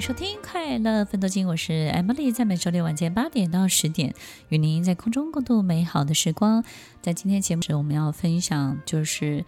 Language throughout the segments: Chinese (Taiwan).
收聽快樂奮鬥金，我是 Emily，在每周六晚間八點到十點，與您在空中共度美好的時光。在今天節目時，我們要分享就是。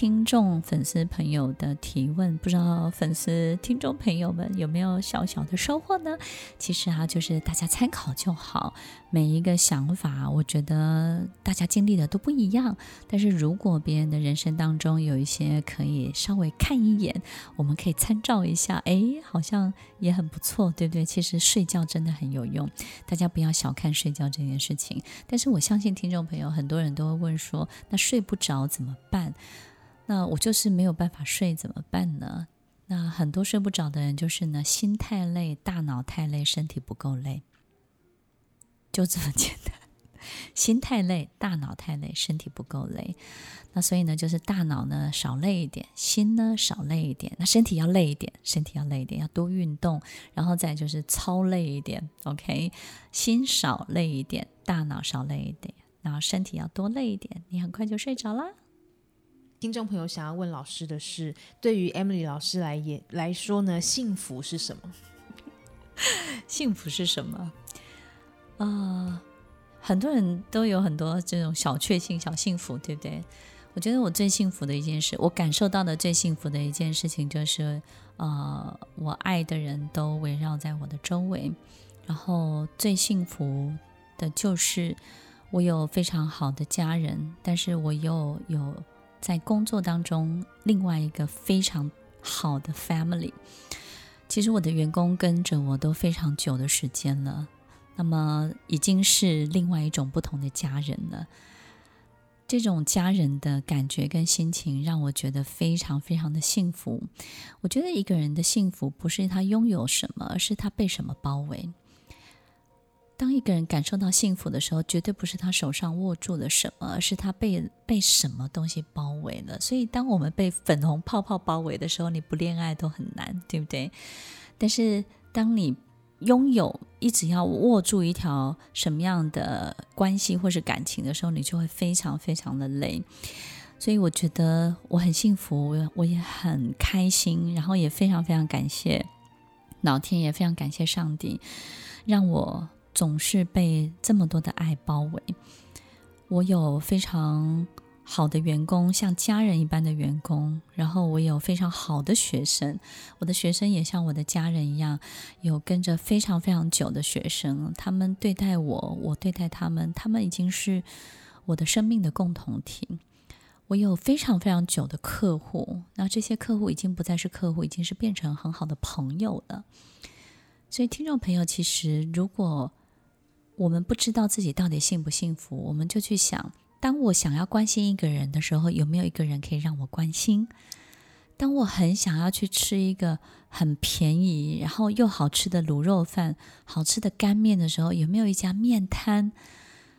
聽眾、粉絲、朋友的提問，不知道粉絲、聽眾朋友們有沒有小小的收穫呢？其實啊，就是大家參考就好。每一個想法，我覺得大家經歷的都不一樣。但是如果別人的人生當中有一些可以稍微看一眼，我們可以參照一下，哎，好像也很不錯，對不對？其實睡覺真的很有用，大家不要小看睡覺這件事情。但是我相信聽眾朋友，很多人都會問說，那睡不着怎麼辦？那我就是沒有辦法睡，怎麼辦呢？那很多睡不着的人就是呢，心太累，大腦太累，身體不夠累，就這麼簡單。心太累，大腦太累，身體不夠累。那所以呢，就是大腦呢少累一點，心呢少累一點，那身體要累一點，身體要累一點，要多運動，然後再就是超累一點。OK，心少累一點，大腦少累一點，然後身體要多累一點，你很快就睡着啦。聽眾朋友想要問老師的是，對於 Emily 老師來也來說呢，幸福是什麼？幸福是什麼？啊、呃，很多人都有很多這種小確幸、小幸福，對不對？我覺得我最幸福的一件事，我感受到的最幸福的一件事情就是，呃，我愛的人都圍繞在我的周圍。然後最幸福的就是我有非常好的家人，但是我又有。有在工作當中，另外一個非常好的 family，其實我的員工跟着我都非常久的時間了，那麼已經是另外一種不同的家人了。這種家人的感覺跟心情，讓我覺得非常非常的幸福。我覺得一個人的幸福，不是他擁有什麼，而是他被什麼包圍。當一個人感受到幸福的時候，絕對不是他手上握住了什麼，而是他被被什麼東西包圍了。所以，當我們被粉紅泡泡包圍的時候，你不戀愛都很難，對不對？但是，當你擁有一直要握住一條什麼樣的關係或是感情的時候，你就會非常非常的累。所以，我覺得我很幸福，我也很開心，然後也非常非常感謝老天，也非常感謝上帝，讓我。總是被這麼多的愛包圍。我有非常好的員工，像家人一般的員工。然後我有非常好的學生，我的學生也像我的家人一樣，有跟着非常非常久的學生。他們對待我，我對待他們，他們已經是我的生命的共同體。我有非常非常久的客戶，那這些客戶已經不再是客戶，已經是變成很好的朋友了。所以，聽眾朋友，其實如果我們不知道自己到底幸不幸福，我們就去想：當我想要關心一個人的時候，有沒有一個人可以讓我關心？當我很想要去吃一個很便宜然後又好吃的滷肉飯、好吃的乾麵的時候，有沒有一家麵攤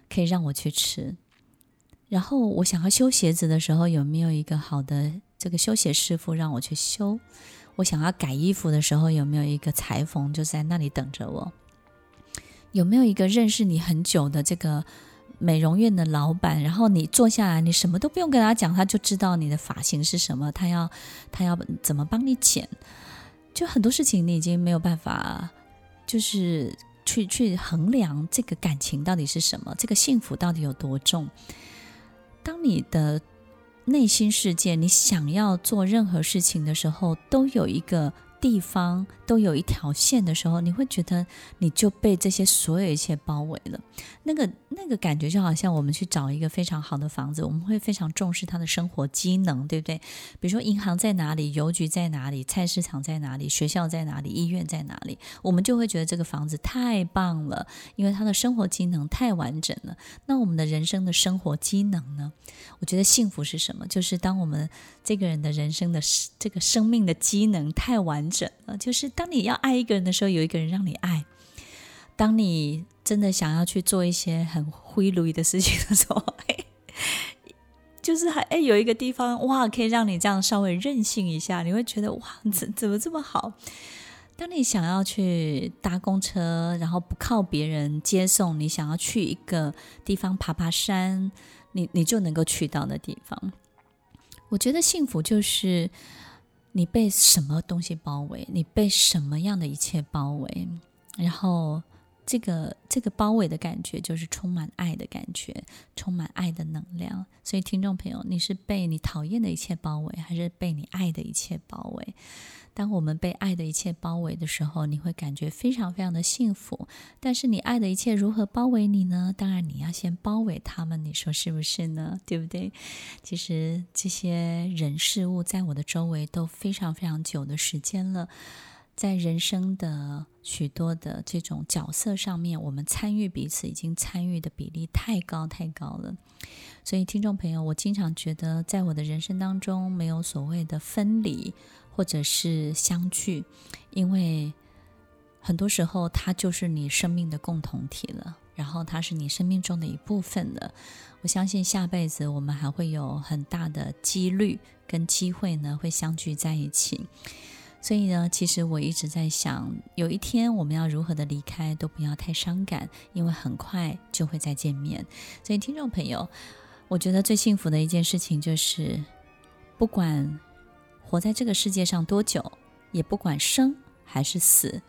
可以讓我去吃？然後我想要修鞋子的時候，有沒有一個好的這個修鞋師傅讓我去修？我想要改衣服的時候，有沒有一個裁縫就在那裡等着我？有沒有一個認識你很久的這個美容院的老闆？然後你坐下來，你什麼都不用跟他講，他就知道你的髮型是什麼，他要他要怎麼幫你剪。就很多事情你已經沒有辦法，就是去去衡量這個感情到底是什麼，這個幸福到底有多重。當你的內心世界，你想要做任何事情的時候，都有一個。地方，都有一條線的時候，你會覺得你就被這些所有一切包圍了。那個那個感覺就好像我們去找一個非常好的房子，我們會非常重視它的生活機能，對不對？比如說，銀行在哪裡，郵局在哪裡，菜市場在哪裡，學校在哪裡，醫院在哪裡，我們就會覺得這個房子太棒了，因為它的生活機能太完整了。那我們的人生的生活機能呢？我覺得幸福是什麼？就是當我們這個人的人生的這個生命的機能太完整。就是當你要愛一個人的時候，有一個人讓你愛；當你真的想要去做一些很揮如的事情的時候，哎、就是還、哎、有一個地方哇，可以讓你這樣稍微任性一下，你會覺得哇怎怎麼這麼好？當你想要去搭公車，然後不靠別人接送，你想要去一個地方爬爬山，你你就能夠去到的地方。我覺得幸福就是。你被什麼東西包圍？你被什麼樣的一切包圍？然後，這個這個包圍的感覺就是充滿愛的感覺，充滿愛的能量。所以，聽眾朋友，你是被你討厭的一切包圍，還是被你愛的一切包圍？當我們被愛的一切包圍的時候，你會感覺非常非常的幸福。但是，你愛的一切如何包圍你呢？當然，你要先包圍他們。你說是不是呢？對不對？其實，這些人事物在我的周圍都非常非常久的時間了。在人生的許多的這種角色上面，我們參與彼此已經參與的比例太高太高了。所以，聽眾朋友，我經常覺得，在我的人生當中，沒有所謂的分離或者是相聚，因為很多時候它就是你生命的共同體了，然後它是你生命中的一部分了。我相信下輩子我們還會有很大的幾率跟機會呢，會相聚在一起。所以呢，其實我一直在想，有一天我們要如何的離開都不要太傷感，因為很快就會再見面。所以聽眾朋友，我覺得最幸福的一件事情就是，不管活在這個世界上多久，也不管生還是死，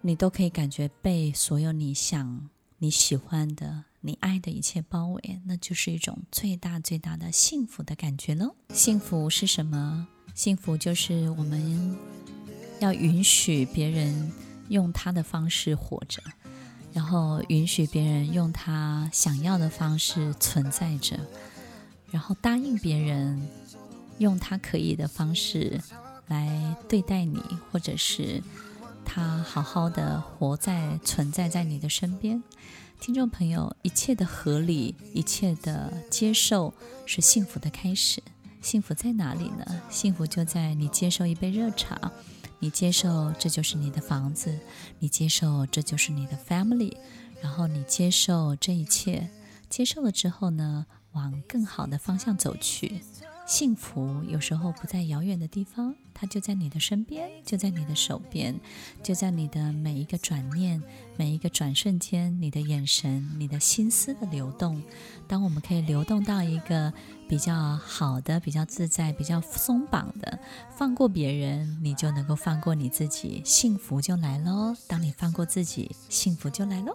你都可以感覺被所有你想、你喜歡的、你愛的一切包圍，那就是一種最大最大的幸福的感覺咯。幸福是什麼？幸福就是我們要允許別人用他的方式活着，然後允許別人用他想要的方式存在着，然後答應別人用他可以的方式來對待你，或者是他好好的活在存在在你的身邊。聽眾朋友，一切的合理，一切的接受，是幸福的開始。幸福在哪裡呢？幸福就在你接受一杯熱茶，你接受這就是你的房子，你接受這就是你的 family，然後你接受這一切，接受了之後呢，往更好的方向走去。幸福有時候不在遙遠的地方，它就在你的身邊，就在你的手邊，就在你的每一個轉念、每一個轉瞬間，你的眼神、你的心思的流動。當我們可以流動到一個比較好的、比較自在、比較鬆綁的，放過別人，你就能夠放過你自己，幸福就來嘍。當你放過自己，幸福就來嘍。